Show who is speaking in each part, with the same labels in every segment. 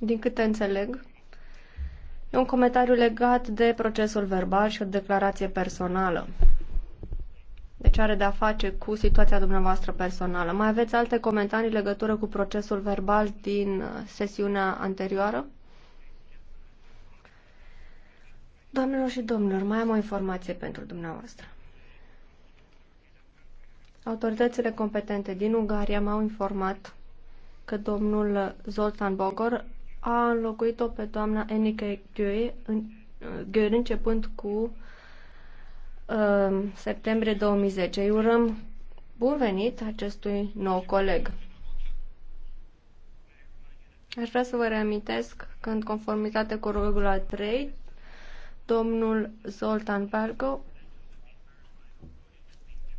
Speaker 1: Din câte înțeleg, e un comentariu legat de procesul verbal și o declarație personală. Deci are de-a face cu situația dumneavoastră personală. Mai aveți alte comentarii în legătură cu procesul verbal din uh, sesiunea anterioară? Doamnelor și domnilor, mai am o informație pentru dumneavoastră. Autoritățile competente din Ungaria m-au informat că domnul Zoltan Bogor a înlocuit-o pe doamna Enike Gue, în, uh, Gue începând cu uh, septembrie 2010. Îi urăm bun venit acestui nou coleg. Aș vrea să vă reamintesc că în conformitate cu regula 3, domnul Zoltan Pargo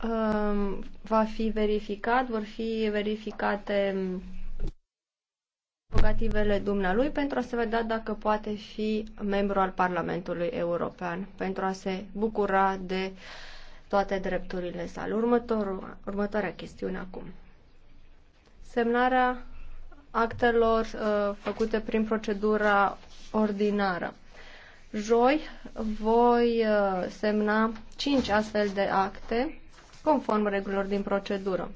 Speaker 1: um, va fi verificat, vor fi verificate um, prerogativele dumnealui pentru a se vedea dacă poate fi membru al Parlamentului European, pentru a se bucura de toate drepturile sale. Următorul, următoarea chestiune acum. Semnarea actelor uh, făcute prin procedura ordinară. Joi voi uh, semna 5 astfel de acte conform regulilor din procedură.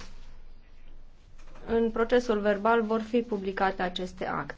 Speaker 1: În procesul verbal vor fi publicate aceste acte.